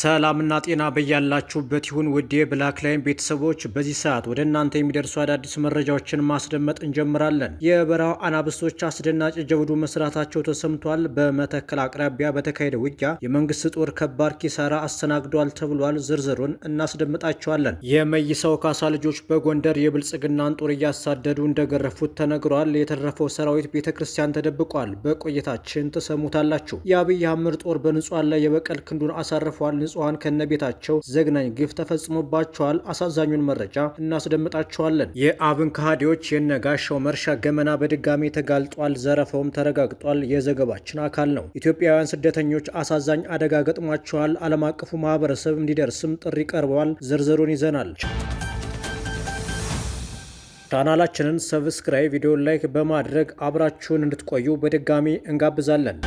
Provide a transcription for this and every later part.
ሰላምና ጤና በያላችሁበት ይሁን ውድ የብላክ ላይን ቤተሰቦች፣ በዚህ ሰዓት ወደ እናንተ የሚደርሱ አዳዲስ መረጃዎችን ማስደመጥ እንጀምራለን። የበረሃው አናብስቶች አስደናጭ ጀብዱ መስራታቸው ተሰምቷል። በመተከል አቅራቢያ በተካሄደ ውጊያ የመንግስት ጦር ከባድ ኪሳራ አስተናግዷል ተብሏል። ዝርዝሩን እናስደምጣቸዋለን። የመይሰው ካሳ ልጆች በጎንደር የብልጽግናን ጦር እያሳደዱ እንደገረፉት ተነግሯል። የተረፈው ሰራዊት ቤተ ክርስቲያን ተደብቋል። በቆይታችን ትሰሙታላችሁ። የአብይ አህመድ ጦር በንጹሐን ላይ የበቀል ክንዱን አሳርፏል። ንጹሐን ከነቤታቸው ዘግናኝ ግፍ ተፈጽሞባቸዋል። አሳዛኙን መረጃ እናስደምጣቸዋለን። የአብን ከሃዲዎች የነጋሻው መርሻ ገመና በድጋሚ ተጋልጧል። ዘረፈውም ተረጋግጧል። የዘገባችን አካል ነው። ኢትዮጵያውያን ስደተኞች አሳዛኝ አደጋ ገጥሟቸዋል። ዓለም አቀፉ ማህበረሰብ እንዲደርስም ጥሪ ቀርበዋል። ዝርዝሩን ይዘናል። ቻናላችንን ሰብስክራይብ፣ ቪዲዮ ላይክ በማድረግ አብራችሁን እንድትቆዩ በድጋሚ እንጋብዛለን።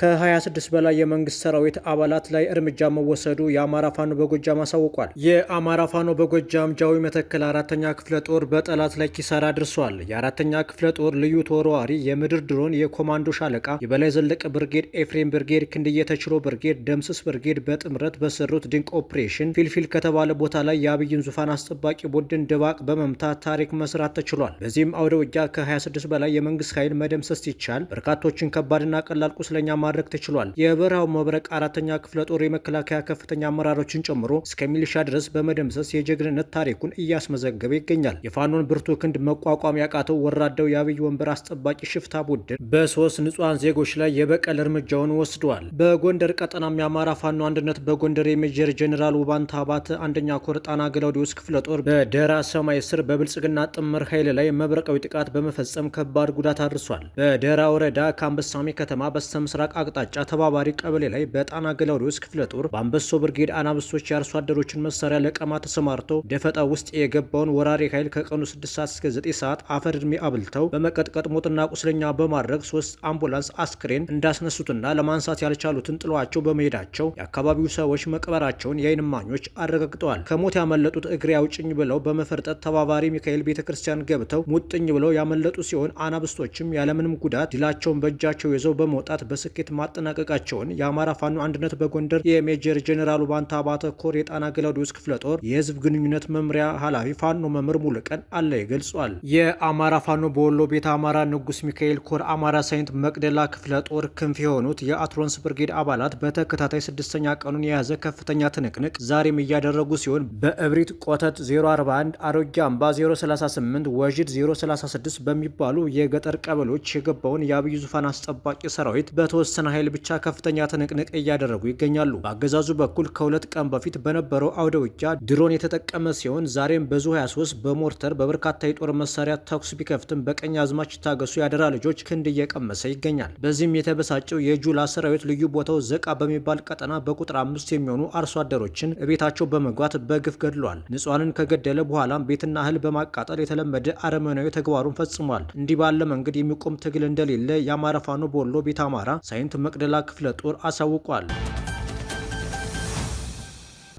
ከ26 በላይ የመንግስት ሰራዊት አባላት ላይ እርምጃ መወሰዱ የአማራ ፋኖ በጎጃም አሳውቋል። የአማራ ፋኖ በጎጃም ጃዊ መተከል አራተኛ ክፍለ ጦር በጠላት ላይ ኪሳራ አድርሷል። የአራተኛ ክፍለ ጦር ልዩ ተወርዋሪ የምድር ድሮን የኮማንዶ ሻለቃ የበላይ ዘለቀ ብርጌድ፣ ኤፍሬም ብርጌድ፣ ክንድየ ተችሎ ብርጌድ፣ ደምስስ ብርጌድ በጥምረት በሰሩት ድንቅ ኦፕሬሽን ፊልፊል ከተባለ ቦታ ላይ የአብይን ዙፋን አስጠባቂ ቡድን ድባቅ በመምታት ታሪክ መስራት ተችሏል። በዚህም አውደ ውጊያ ከ26 በላይ የመንግስት ኃይል መደምሰስ ይቻል በርካቶችን ከባድና ቀላል ቁስለኛ ማድረግ ተችሏል። የበረሃው መብረቅ አራተኛ ክፍለ ጦር የመከላከያ ከፍተኛ አመራሮችን ጨምሮ እስከ ሚሊሻ ድረስ በመደምሰስ የጀግንነት ታሪኩን እያስመዘገበ ይገኛል። የፋኖን ብርቱ ክንድ መቋቋም ያቃተው ወራደው የአብይ ወንበር አስጠባቂ ሽፍታ ቡድን በሶስት ንጹሐን ዜጎች ላይ የበቀል እርምጃውን ወስደዋል። በጎንደር ቀጠናም የአማራ ፋኖ አንድነት በጎንደር የሜጀር ጀኔራል ውባንታ አባተ አንደኛ ኮር ጣና ገላውዲዮስ ክፍለ ጦር በደራ ሰማይ ስር በብልጽግና ጥምር ኃይል ላይ መብረቃዊ ጥቃት በመፈጸም ከባድ ጉዳት አድርሷል። በደራ ወረዳ ከአንበሳሜ ከተማ በስተምስራቅ አቅጣጫ ተባባሪ ቀበሌ ላይ በጣና ገላውዲዮስ ክፍለ ጦር በአንበሶ ብርጌድ አናብሶች የአርሶ አደሮችን መሳሪያ ለቀማ ተሰማርተው ደፈጣ ውስጥ የገባውን ወራሪ ኃይል ከቀኑ 6 ሰዓት እስከ 9 ሰዓት አፈር እድሜ አብልተው በመቀጥቀጥ ሞትና ቁስለኛ በማድረግ ሶስት አምቡላንስ አስክሬን እንዳስነሱትና ለማንሳት ያልቻሉትን ጥሏቸው በመሄዳቸው የአካባቢው ሰዎች መቅበራቸውን የአይንማኞች እማኞች አረጋግጠዋል። ከሞት ያመለጡት እግሬ አውጭኝ ብለው በመፈርጠት ተባባሪ ሚካኤል ቤተ ክርስቲያን ገብተው ሙጥኝ ብለው ያመለጡ ሲሆን አናብስቶችም ያለምንም ጉዳት ድላቸውን በእጃቸው ይዘው በመውጣት በስኬት በስኬት ማጠናቀቃቸውን የአማራ ፋኖ አንድነት በጎንደር የሜጀር ጄኔራሉ ባንታ አባተ ኮር የጣና ገላውዲዮስ ክፍለ ጦር የህዝብ ግንኙነት መምሪያ ኃላፊ ፋኖ መምህር ሙሉቀን አለየ ገልጿል። የአማራ ፋኖ በወሎ ቤተ አማራ ንጉስ ሚካኤል ኮር አማራ ሳይንት መቅደላ ክፍለ ጦር ክንፍ የሆኑት የአትሮንስ ብርጌድ አባላት በተከታታይ ስድስተኛ ቀኑን የያዘ ከፍተኛ ትንቅንቅ ዛሬም እያደረጉ ሲሆን በእብሪት ቆተት 041 አሮጌ አምባ 038 ወዥድ 036 በሚባሉ የገጠር ቀበሎች የገባውን የአብይ ዙፋን አስጠባቂ ሰራዊት በተወሰ የተወሰነ ኃይል ብቻ ከፍተኛ ትንቅንቅ እያደረጉ ይገኛሉ። በአገዛዙ በኩል ከሁለት ቀን በፊት በነበረው አውደ ውጊያ ድሮን የተጠቀመ ሲሆን ዛሬም በዙ 23 በሞርተር በበርካታ የጦር መሳሪያ ተኩስ ቢከፍትም በቀኝ አዝማች ታገሱ ያደራ ልጆች ክንድ እየቀመሰ ይገኛል። በዚህም የተበሳጨው የጁላ ሰራዊት ልዩ ቦታው ዘቃ በሚባል ቀጠና በቁጥር አምስት የሚሆኑ አርሶ አደሮችን ቤታቸው በመግባት በግፍ ገድሏል። ንጹሐንን ከገደለ በኋላም ቤትና እህል በማቃጠል የተለመደ አረመናዊ ተግባሩን ፈጽሟል። እንዲህ ባለ መንገድ የሚቆም ትግል እንደሌለ የአማራ ፋኖ በወሎ ቤት አማራ ጋይንት መቅደላ ክፍለ ጦር አሳውቋል።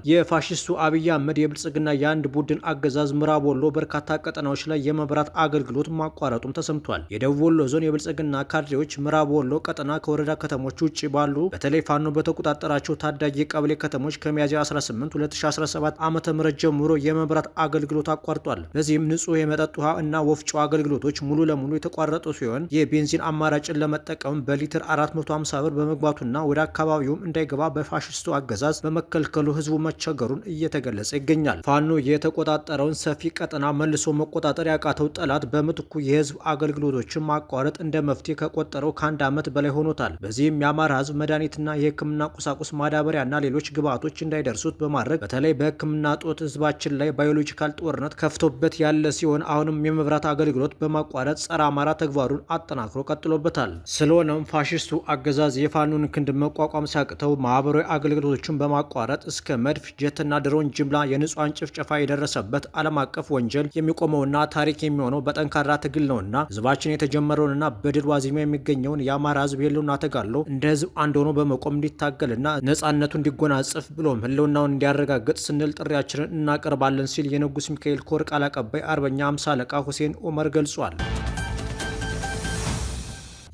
የፋሽስቱ አብይ አህመድ የብልጽግና የአንድ ቡድን አገዛዝ ምዕራብ ወሎ በርካታ ቀጠናዎች ላይ የመብራት አገልግሎት ማቋረጡም ተሰምቷል። የደቡብ ወሎ ዞን የብልጽግና ካድሬዎች ምዕራብ ወሎ ቀጠና ከወረዳ ከተሞች ውጭ ባሉ በተለይ ፋኖ በተቆጣጠራቸው ታዳጊ ቀበሌ ከተሞች ከሚያዝያ 18 2017 ዓ ም ጀምሮ የመብራት አገልግሎት አቋርጧል። በዚህም ንጹህ የመጠጥ ውሃ እና ወፍጮ አገልግሎቶች ሙሉ ለሙሉ የተቋረጡ ሲሆን የቤንዚን አማራጭን ለመጠቀም በሊትር 450 ብር በመግባቱና ወደ አካባቢውም እንዳይገባ በፋሽስቱ አገዛዝ በመከልከሉ ህዝቡ መቸገሩን እየተገለጸ ይገኛል። ፋኖ የተቆጣጠረውን ሰፊ ቀጠና መልሶ መቆጣጠር ያቃተው ጠላት በምትኩ የህዝብ አገልግሎቶችን ማቋረጥ እንደ መፍትሄ ከቆጠረው ከአንድ ዓመት በላይ ሆኖታል። በዚህም የአማራ ህዝብ መድኃኒትና የህክምና ቁሳቁስ ማዳበሪያና ሌሎች ግብዓቶች እንዳይደርሱት በማድረግ በተለይ በህክምና ጦት ህዝባችን ላይ ባዮሎጂካል ጦርነት ከፍቶበት ያለ ሲሆን አሁንም የመብራት አገልግሎት በማቋረጥ ጸረ አማራ ተግባሩን አጠናክሮ ቀጥሎበታል። ስለሆነም ፋሽስቱ አገዛዝ የፋኖን ክንድ መቋቋም ሲያቅተው ማህበራዊ አገልግሎቶችን በማቋረጥ እስከ መድፍ መድፍ፣ ጀትና ድሮን ጅምላ የንጹሐን ጭፍጨፋ የደረሰበት ዓለም አቀፍ ወንጀል የሚቆመውና ታሪክ የሚሆነው በጠንካራ ትግል ነውና ህዝባችን የተጀመረውንና በድል ዋዜማ የሚገኘውን የአማራ ህዝብ የህልውና ተጋድሎ እንደ ህዝብ አንድ ሆኖ በመቆም እንዲታገልና ነጻነቱ እንዲጎናጽፍ ብሎም ህልውናውን እንዲያረጋግጥ ስንል ጥሪያችንን እናቀርባለን ሲል የንጉስ ሚካኤል ኮር ቃል አቀባይ አርበኛ አምሳ አለቃ ሁሴን ኦመር ገልጿል።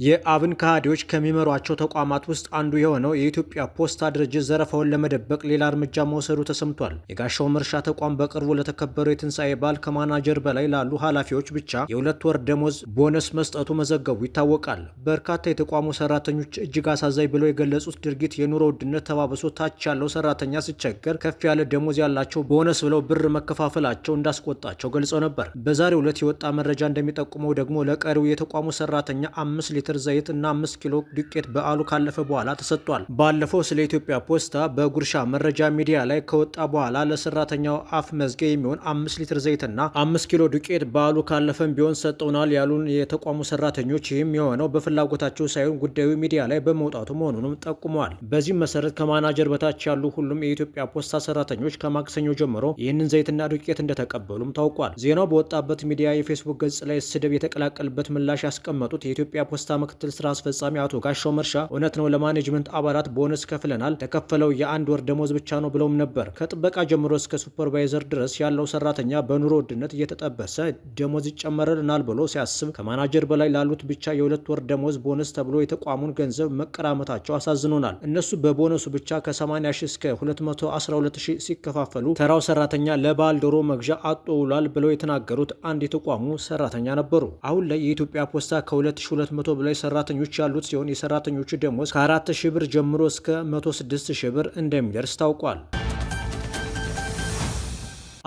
የአብን ከሃዲዎች ከሚመሯቸው ተቋማት ውስጥ አንዱ የሆነው የኢትዮጵያ ፖስታ ድርጅት ዘረፋውን ለመደበቅ ሌላ እርምጃ መውሰዱ ተሰምቷል። የጋሻው መርሻ ተቋም በቅርቡ ለተከበረው የትንሣኤ በዓል ከማናጀር በላይ ላሉ ኃላፊዎች ብቻ የሁለት ወር ደሞዝ ቦነስ መስጠቱ መዘገቡ ይታወቃል። በርካታ የተቋሙ ሰራተኞች እጅግ አሳዛኝ ብለው የገለጹት ድርጊት የኑሮ ውድነት ተባብሶ ታች ያለው ሰራተኛ ሲቸገር ከፍ ያለ ደሞዝ ያላቸው ቦነስ ብለው ብር መከፋፈላቸው እንዳስቆጣቸው ገልጸው ነበር። በዛሬው ዕለት የወጣ መረጃ እንደሚጠቁመው ደግሞ ለቀሪው የተቋሙ ሰራተኛ አምስት ሊትር ሊትር ዘይት እና 5 ኪሎ ዱቄት በዓሉ ካለፈ በኋላ ተሰጥቷል። ባለፈው ስለ ኢትዮጵያ ፖስታ በጉርሻ መረጃ ሚዲያ ላይ ከወጣ በኋላ ለሰራተኛው አፍ መዝጊያ የሚሆን 5 ሊትር ዘይትና አምስት ኪሎ ዱቄት በዓሉ ካለፈም ቢሆን ሰጠውናል ያሉን የተቋሙ ሰራተኞች ይህም የሆነው በፍላጎታቸው ሳይሆን ጉዳዩ ሚዲያ ላይ በመውጣቱ መሆኑንም ጠቁመዋል። በዚህም መሰረት ከማናጀር በታች ያሉ ሁሉም የኢትዮጵያ ፖስታ ሰራተኞች ከማክሰኞ ጀምሮ ይህንን ዘይትና ዱቄት እንደተቀበሉም ታውቋል። ዜናው በወጣበት ሚዲያ የፌስቡክ ገጽ ላይ ስድብ የተቀላቀልበት ምላሽ ያስቀመጡት የኢትዮጵያ ፖስታ ምክትል ስራ አስፈጻሚ አቶ ጋሻው መርሻ እውነት ነው ለማኔጅመንት አባላት ቦነስ ከፍለናል፣ ተከፈለው የአንድ ወር ደሞዝ ብቻ ነው ብለውም ነበር። ከጥበቃ ጀምሮ እስከ ሱፐርቫይዘር ድረስ ያለው ሰራተኛ በኑሮ ውድነት እየተጠበሰ ደሞዝ ይጨመረልናል ብሎ ሲያስብ ከማናጀር በላይ ላሉት ብቻ የሁለት ወር ደሞዝ ቦነስ ተብሎ የተቋሙን ገንዘብ መቀራመታቸው አሳዝኖናል። እነሱ በቦነሱ ብቻ ከ80 ሺ እስከ 212 ሲከፋፈሉ ተራው ሰራተኛ ለባል ዶሮ መግዣ አጦ ውሏል ብለው የተናገሩት አንድ የተቋሙ ሰራተኛ ነበሩ። አሁን ላይ የኢትዮጵያ ፖስታ ከ2200 በላይ በላይ ሰራተኞች ያሉት ሲሆን የሰራተኞቹ ደሞዝ ከ4000 ብር ጀምሮ እስከ 106000 ብር እንደሚደርስ ታውቋል።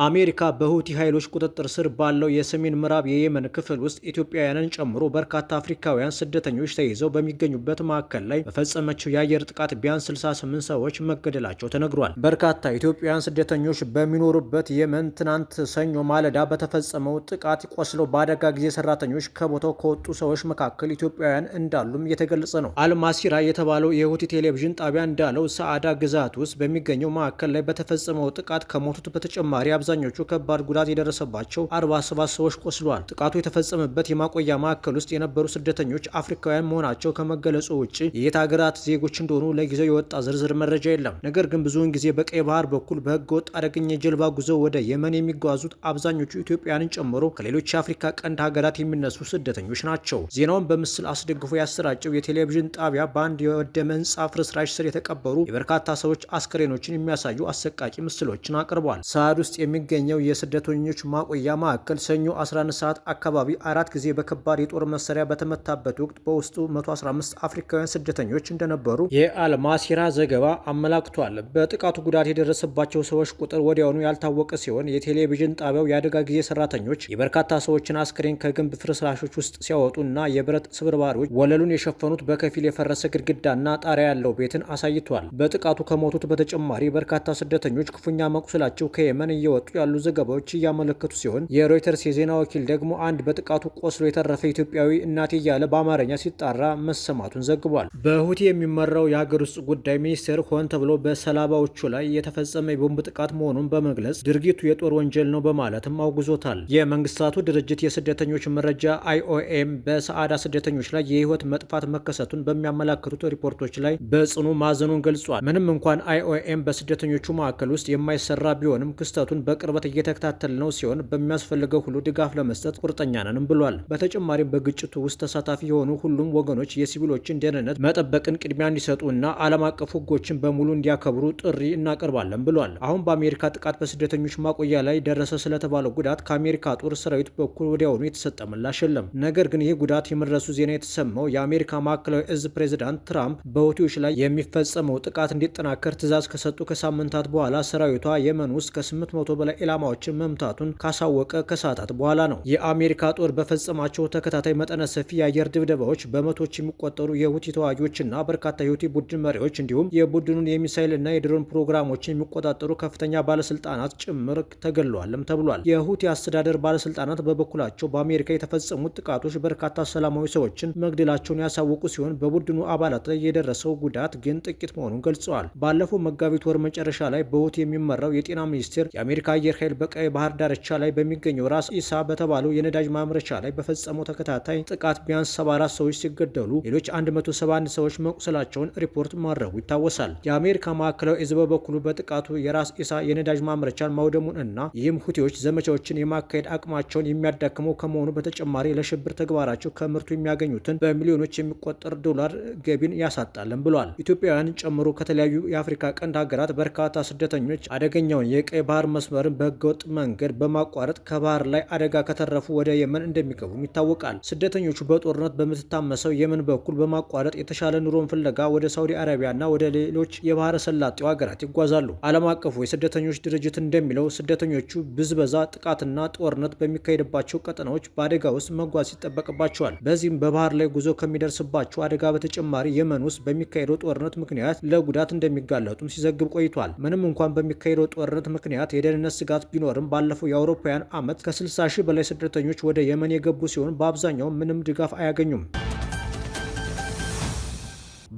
አሜሪካ በሁቲ ኃይሎች ቁጥጥር ስር ባለው የሰሜን ምዕራብ የየመን ክፍል ውስጥ ኢትዮጵያውያንን ጨምሮ በርካታ አፍሪካውያን ስደተኞች ተይዘው በሚገኙበት ማዕከል ላይ በፈጸመችው የአየር ጥቃት ቢያንስ 68 ሰዎች መገደላቸው ተነግሯል። በርካታ ኢትዮጵያውያን ስደተኞች በሚኖሩበት የመን ትናንት ሰኞ ማለዳ በተፈጸመው ጥቃት ቆስለው በአደጋ ጊዜ ሰራተኞች ከቦታው ከወጡ ሰዎች መካከል ኢትዮጵያውያን እንዳሉም እየተገለጸ ነው። አልማሲራ የተባለው የሁቲ ቴሌቪዥን ጣቢያ እንዳለው ሰአዳ ግዛት ውስጥ በሚገኘው ማዕከል ላይ በተፈጸመው ጥቃት ከሞቱት በተጨማሪ አብዛኞቹ ከባድ ጉዳት የደረሰባቸው 47 ሰዎች ቆስሏል። ጥቃቱ የተፈጸመበት የማቆያ ማዕከል ውስጥ የነበሩ ስደተኞች አፍሪካውያን መሆናቸው ከመገለጹ ውጭ የየት ሀገራት ዜጎች እንደሆኑ ለጊዜው የወጣ ዝርዝር መረጃ የለም። ነገር ግን ብዙውን ጊዜ በቀይ ባህር በኩል በህገ ወጥ አደገኛ ጀልባ ጉዞ ወደ የመን የሚጓዙት አብዛኞቹ ኢትዮጵያንን ጨምሮ ከሌሎች የአፍሪካ ቀንድ ሀገራት የሚነሱ ስደተኞች ናቸው። ዜናውን በምስል አስደግፎ ያሰራጨው የቴሌቪዥን ጣቢያ በአንድ የወደመ ህንፃ ፍርስራሽ ስር የተቀበሩ የበርካታ ሰዎች አስከሬኖችን የሚያሳዩ አሰቃቂ ምስሎችን አቅርቧል። ሳድ ውስጥ የሚ የሚገኘው የስደተኞች ማቆያ ማዕከል ሰኞ 11 ሰዓት አካባቢ አራት ጊዜ በከባድ የጦር መሳሪያ በተመታበት ወቅት በውስጡ 115 አፍሪካውያን ስደተኞች እንደነበሩ የአልማሲራ ዘገባ አመላክቷል። በጥቃቱ ጉዳት የደረሰባቸው ሰዎች ቁጥር ወዲያውኑ ያልታወቀ ሲሆን የቴሌቪዥን ጣቢያው የአደጋ ጊዜ ሰራተኞች የበርካታ ሰዎችን አስክሬን ከግንብ ፍርስራሾች ውስጥ ሲያወጡና የብረት ስብርባሪዎች ወለሉን የሸፈኑት በከፊል የፈረሰ ግድግዳና ጣሪያ ያለው ቤትን አሳይቷል። በጥቃቱ ከሞቱት በተጨማሪ በርካታ ስደተኞች ክፉኛ መቁሰላቸው ከየመን እየወጡ እንደወጡ ያሉ ዘገባዎች እያመለከቱ ሲሆን የሮይተርስ የዜና ወኪል ደግሞ አንድ በጥቃቱ ቆስሎ የተረፈ ኢትዮጵያዊ እናቴ እያለ በአማርኛ ሲጣራ መሰማቱን ዘግቧል። በሁቲ የሚመራው የሀገር ውስጥ ጉዳይ ሚኒስቴር ሆን ተብሎ በሰላባዎቹ ላይ የተፈጸመ የቦምብ ጥቃት መሆኑን በመግለጽ ድርጊቱ የጦር ወንጀል ነው በማለትም አውግዞታል። የመንግስታቱ ድርጅት የስደተኞች መረጃ አይኦኤም በሰዓዳ ስደተኞች ላይ የህይወት መጥፋት መከሰቱን በሚያመላክቱት ሪፖርቶች ላይ በጽኑ ማዘኑን ገልጿል። ምንም እንኳን አይኦኤም በስደተኞቹ መካከል ውስጥ የማይሰራ ቢሆንም ክስተቱን በ በቅርበት እየተከታተል ነው ሲሆን በሚያስፈልገው ሁሉ ድጋፍ ለመስጠት ቁርጠኛ ነንም ብሏል። በተጨማሪም በግጭቱ ውስጥ ተሳታፊ የሆኑ ሁሉም ወገኖች የሲቪሎችን ደህንነት መጠበቅን ቅድሚያ እንዲሰጡ እና ዓለም አቀፍ ሕጎችን በሙሉ እንዲያከብሩ ጥሪ እናቀርባለን ብሏል። አሁን በአሜሪካ ጥቃት በስደተኞች ማቆያ ላይ ደረሰ ስለተባለው ጉዳት ከአሜሪካ ጦር ሰራዊት በኩል ወዲያውኑ የተሰጠ ምላሽ የለም። ነገር ግን ይህ ጉዳት የመድረሱ ዜና የተሰማው የአሜሪካ ማዕከላዊ እዝ ፕሬዚዳንት ትራምፕ በሁቲዎች ላይ የሚፈጸመው ጥቃት እንዲጠናከር ትዕዛዝ ከሰጡ ከሳምንታት በኋላ ሰራዊቷ የመን ውስጥ ከ800 በላይ ኢላማዎችን መምታቱን ካሳወቀ ከሰዓታት በኋላ ነው። የአሜሪካ ጦር በፈጸማቸው ተከታታይ መጠነ ሰፊ የአየር ድብደባዎች በመቶች የሚቆጠሩ የሁቲ ተዋጊዎችና በርካታ የሁቲ ቡድን መሪዎች እንዲሁም የቡድኑን የሚሳይልና የድሮን ፕሮግራሞችን የሚቆጣጠሩ ከፍተኛ ባለስልጣናት ጭምር ተገድለዋልም ተብሏል። የሁቲ አስተዳደር ባለስልጣናት በበኩላቸው በአሜሪካ የተፈጸሙት ጥቃቶች በርካታ ሰላማዊ ሰዎችን መግደላቸውን ያሳወቁ ሲሆን በቡድኑ አባላት ላይ የደረሰው ጉዳት ግን ጥቂት መሆኑን ገልጸዋል። ባለፈው መጋቢት ወር መጨረሻ ላይ በሁቲ የሚመራው የጤና ሚኒስቴር የአሜሪካ አየር ኃይል በቀይ ባህር ዳርቻ ላይ በሚገኘው ራስ ኢሳ በተባለው የነዳጅ ማምረቻ ላይ በፈጸመው ተከታታይ ጥቃት ቢያንስ 74 ሰዎች ሲገደሉ ሌሎች 171 ሰዎች መቁሰላቸውን ሪፖርት ማድረጉ ይታወሳል። የአሜሪካ ማዕከላዊ እዝ በበኩሉ በጥቃቱ የራስ ኢሳ የነዳጅ ማምረቻን ማውደሙን እና ይህም ሁቴዎች ዘመቻዎችን የማካሄድ አቅማቸውን የሚያዳክመው ከመሆኑ በተጨማሪ ለሽብር ተግባራቸው ከምርቱ የሚያገኙትን በሚሊዮኖች የሚቆጠር ዶላር ገቢን ያሳጣልን ብሏል። ኢትዮጵያውያን ጨምሮ ከተለያዩ የአፍሪካ ቀንድ ሀገራት በርካታ ስደተኞች አደገኛውን የቀይ ባህር መስመር መስመርን በህገወጥ መንገድ በማቋረጥ ከባህር ላይ አደጋ ከተረፉ ወደ የመን እንደሚገቡም ይታወቃል። ስደተኞቹ በጦርነት በምትታመሰው የመን በኩል በማቋረጥ የተሻለ ኑሮን ፍለጋ ወደ ሳውዲ አረቢያና ወደ ሌሎች የባህረ ሰላጤው ሀገራት ይጓዛሉ። ዓለም አቀፉ የስደተኞች ድርጅት እንደሚለው ስደተኞቹ ብዝበዛ፣ ጥቃትና ጦርነት በሚካሄድባቸው ቀጠናዎች በአደጋ ውስጥ መጓዝ ይጠበቅባቸዋል። በዚህም በባህር ላይ ጉዞ ከሚደርስባቸው አደጋ በተጨማሪ የመን ውስጥ በሚካሄደው ጦርነት ምክንያት ለጉዳት እንደሚጋለጡም ሲዘግብ ቆይቷል። ምንም እንኳን በሚካሄደው ጦርነት ምክንያት የደህንነት የደህንነት ስጋት ቢኖርም ባለፈው የአውሮፓውያን ዓመት ከ60 ሺህ በላይ ስደተኞች ወደ የመን የገቡ ሲሆን በአብዛኛው ምንም ድጋፍ አያገኙም።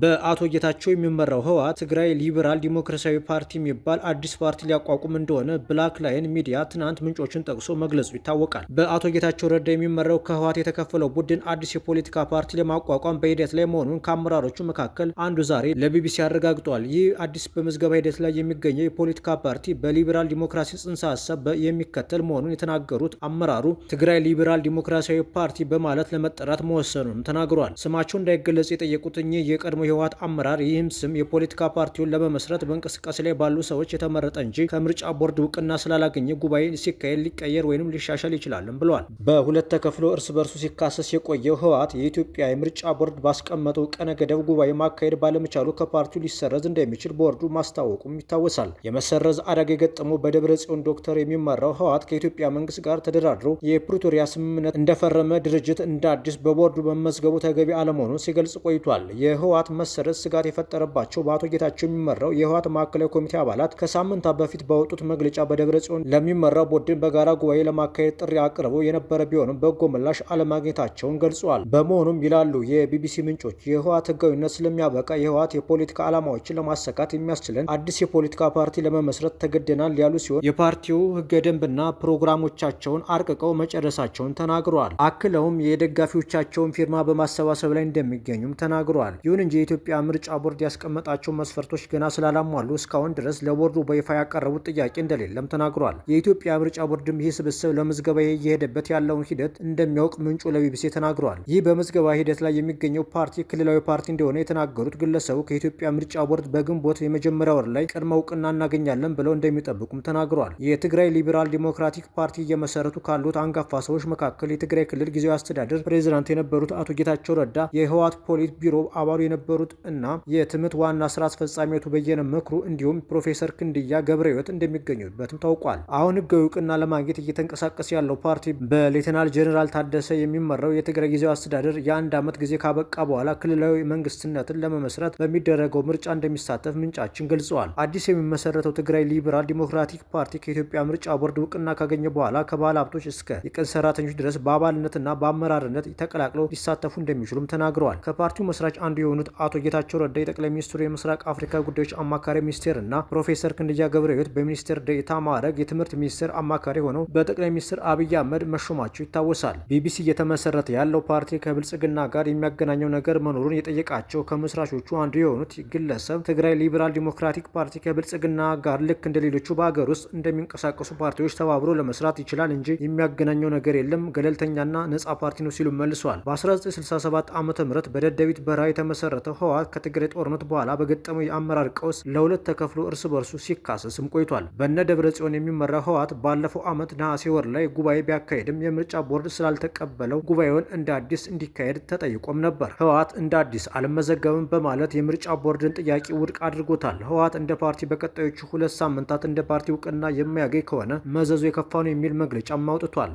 በአቶ ጌታቸው የሚመራው ህወሓት ትግራይ ሊበራል ዲሞክራሲያዊ ፓርቲ የሚባል አዲስ ፓርቲ ሊያቋቁም እንደሆነ ብላክ ላይን ሚዲያ ትናንት ምንጮችን ጠቅሶ መግለጹ ይታወቃል። በአቶ ጌታቸው ረዳ የሚመራው ከህወሓት የተከፈለው ቡድን አዲስ የፖለቲካ ፓርቲ ለማቋቋም በሂደት ላይ መሆኑን ከአመራሮቹ መካከል አንዱ ዛሬ ለቢቢሲ አረጋግጧል። ይህ አዲስ በምዝገባ ሂደት ላይ የሚገኘው የፖለቲካ ፓርቲ በሊበራል ዲሞክራሲ ጽንሰ ሀሳብ የሚከተል መሆኑን የተናገሩት አመራሩ ትግራይ ሊበራል ዲሞክራሲያዊ ፓርቲ በማለት ለመጠራት መወሰኑንም ተናግሯል። ስማቸው እንዳይገለጽ የጠየቁት እኚህ የቀድሞ የህወሓት አመራር ይህም ስም የፖለቲካ ፓርቲውን ለመመስረት በእንቅስቃሴ ላይ ባሉ ሰዎች የተመረጠ እንጂ ከምርጫ ቦርድ እውቅና ስላላገኘ ጉባኤ ሲካሄድ ሊቀየር ወይም ሊሻሻል ይችላልም ብለዋል። በሁለት ተከፍሎ እርስ በርሱ ሲካሰስ የቆየው ህወሓት የኢትዮጵያ የምርጫ ቦርድ ባስቀመጠው ቀነ ገደብ ጉባኤ ማካሄድ ባለመቻሉ ከፓርቲው ሊሰረዝ እንደሚችል ቦርዱ ማስታወቁም ይታወሳል። የመሰረዝ አደጋ የገጠመው በደብረ ጽዮን ዶክተር የሚመራው ህወሓት ከኢትዮጵያ መንግስት ጋር ተደራድሮ የፕሪቶሪያ ስምምነት እንደፈረመ ድርጅት እንደ አዲስ በቦርዱ መመዝገቡ ተገቢ አለመሆኑን ሲገልጽ ቆይቷል። የህወሓት መሰረት ስጋት የፈጠረባቸው በአቶ ጌታቸው የሚመራው የህወሓት ማዕከላዊ ኮሚቴ አባላት ከሳምንታት በፊት በወጡት መግለጫ በደብረ ጽዮን ለሚመራው ቡድን በጋራ ጉባኤ ለማካሄድ ጥሪ አቅርበው የነበረ ቢሆንም በጎ ምላሽ አለማግኘታቸውን ገልጿል። በመሆኑም ይላሉ የቢቢሲ ምንጮች የህወሓት ህጋዊነት ስለሚያበቃ የህወሓት የፖለቲካ ዓላማዎችን ለማሰካት የሚያስችለን አዲስ የፖለቲካ ፓርቲ ለመመስረት ተገደናል ያሉ ሲሆን የፓርቲው ህገ ደንብና ፕሮግራሞቻቸውን አርቅቀው መጨረሳቸውን ተናግረዋል። አክለውም የደጋፊዎቻቸውን ፊርማ በማሰባሰብ ላይ እንደሚገኙም ተናግረዋል። ይሁን እንጂ የኢትዮጵያ ምርጫ ቦርድ ያስቀመጣቸው መስፈርቶች ገና ስላላሟሉ እስካሁን ድረስ ለቦርዱ በይፋ ያቀረቡት ጥያቄ እንደሌለም ተናግሯል። የኢትዮጵያ ምርጫ ቦርድም ይህ ስብስብ ለምዝገባ እየሄደበት ያለውን ሂደት እንደሚያውቅ ምንጩ ለቢቢሲ ተናግሯል። ይህ በምዝገባ ሂደት ላይ የሚገኘው ፓርቲ ክልላዊ ፓርቲ እንደሆነ የተናገሩት ግለሰቡ ከኢትዮጵያ ምርጫ ቦርድ በግንቦት የመጀመሪያ ወር ላይ ቅድመ እውቅና እናገኛለን ብለው እንደሚጠብቁም ተናግሯል። የትግራይ ሊበራል ዲሞክራቲክ ፓርቲ እየመሰረቱ ካሉት አንጋፋ ሰዎች መካከል የትግራይ ክልል ጊዜያዊ አስተዳደር ፕሬዚዳንት የነበሩት አቶ ጌታቸው ረዳ፣ የህወሓት ፖሊት ቢሮ አባሉ የነበሩ የነበሩት እና የትምህርት ዋና ስራ አስፈጻሚቱ በየነ ምክሩ እንዲሁም ፕሮፌሰር ክንድያ ገብረ እንደሚገኙበትም ታውቋል። አሁን ህጋዊ እውቅና ለማግኘት እየተንቀሳቀሰ ያለው ፓርቲ በሌተናል ጄኔራል ታደሰ የሚመራው የትግራይ ጊዜያዊ አስተዳደር የአንድ ዓመት ጊዜ ካበቃ በኋላ ክልላዊ መንግስትነትን ለመመስረት በሚደረገው ምርጫ እንደሚሳተፍ ምንጫችን ገልጸዋል። አዲስ የሚመሰረተው ትግራይ ሊበራል ዲሞክራቲክ ፓርቲ ከኢትዮጵያ ምርጫ ቦርድ እውቅና ካገኘ በኋላ ከባለ ሀብቶች እስከ የቀን ሰራተኞች ድረስ በአባልነትና በአመራርነት ተቀላቅለው ሊሳተፉ እንደሚችሉም ተናግረዋል። ከፓርቲው መስራች አንዱ የሆኑት አቶ ጌታቸው ረዳ የጠቅላይ ሚኒስትሩ የምስራቅ አፍሪካ ጉዳዮች አማካሪ ሚኒስቴር እና ፕሮፌሰር ክንድያ ገብረ በሚኒስቴር ደኤታ ማዕረግ የትምህርት ሚኒስቴር አማካሪ ሆነው በጠቅላይ ሚኒስትር አብይ አህመድ መሾማቸው ይታወሳል። ቢቢሲ እየተመሰረተ ያለው ፓርቲ ከብልጽግና ጋር የሚያገናኘው ነገር መኖሩን የጠየቃቸው ከመስራቾቹ አንዱ የሆኑት ግለሰብ ትግራይ ሊበራል ዲሞክራቲክ ፓርቲ ከብልጽግና ጋር ልክ እንደ ሌሎቹ በሀገር ውስጥ እንደሚንቀሳቀሱ ፓርቲዎች ተባብሮ ለመስራት ይችላል እንጂ የሚያገናኘው ነገር የለም፣ ገለልተኛና ነጻ ፓርቲ ነው ሲሉ መልሷል። በ1967 ዓ ም በደደቢት በረሃ የተመሰረተ የተከሰተው ህወሓት ከትግራይ ጦርነት በኋላ በገጠመው የአመራር ቀውስ ለሁለት ተከፍሎ እርስ በርሱ ሲካሰስም ቆይቷል። በነ ደብረ ጽዮን የሚመራው ህወሓት ባለፈው ዓመት ነሐሴ ወር ላይ ጉባኤ ቢያካሄድም የምርጫ ቦርድ ስላልተቀበለው ጉባኤውን እንደ አዲስ እንዲካሄድ ተጠይቆም ነበር። ህወሓት እንደ አዲስ አልመዘገብም በማለት የምርጫ ቦርድን ጥያቄ ውድቅ አድርጎታል። ህወሓት እንደ ፓርቲ በቀጣዮቹ ሁለት ሳምንታት እንደ ፓርቲ እውቅና የማያገኝ ከሆነ መዘዙ የከፋ ነው የሚል መግለጫም አውጥቷል።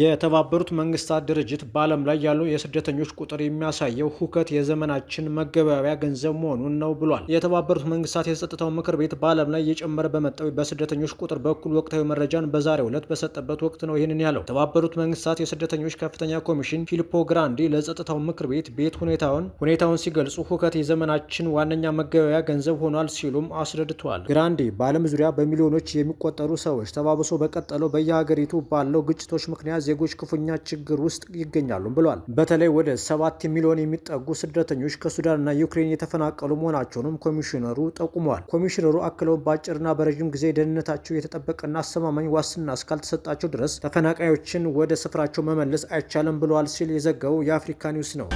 የተባበሩት መንግስታት ድርጅት በዓለም ላይ ያለው የስደተኞች ቁጥር የሚያሳየው ሁከት የዘመናችን መገበያያ ገንዘብ መሆኑን ነው ብሏል። የተባበሩት መንግስታት የጸጥታው ምክር ቤት በዓለም ላይ እየጨመረ በመጣው በስደተኞች ቁጥር በኩል ወቅታዊ መረጃን በዛሬው ዕለት በሰጠበት ወቅት ነው ይህንን ያለው። የተባበሩት መንግስታት የስደተኞች ከፍተኛ ኮሚሽን ፊሊፖ ግራንዲ ለጸጥታው ምክር ቤት ቤት ሁኔታውን ሁኔታውን ሲገልጹ ሁከት የዘመናችን ዋነኛ መገበያያ ገንዘብ ሆኗል ሲሉም አስረድተዋል። ግራንዲ በዓለም ዙሪያ በሚሊዮኖች የሚቆጠሩ ሰዎች ተባብሶ በቀጠለው በየሀገሪቱ ባለው ግጭቶች ምክንያት ዜጎች ክፉኛ ችግር ውስጥ ይገኛሉ ብለዋል። በተለይ ወደ ሰባት ሚሊዮን የሚጠጉ ስደተኞች ከሱዳንና ዩክሬን የተፈናቀሉ መሆናቸውንም ኮሚሽነሩ ጠቁመዋል። ኮሚሽነሩ አክለው በአጭርና በረዥም ጊዜ ደህንነታቸው የተጠበቀና አስተማማኝ ዋስትና እስካልተሰጣቸው ድረስ ተፈናቃዮችን ወደ ስፍራቸው መመለስ አይቻልም ብለዋል ሲል የዘገበው የአፍሪካ ኒውስ ነው።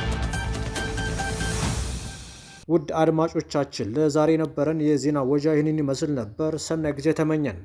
ውድ አድማጮቻችን ለዛሬ የነበረን የዜና ወጃ ይህንን ይመስል ነበር። ሰናይ ጊዜ ተመኘን።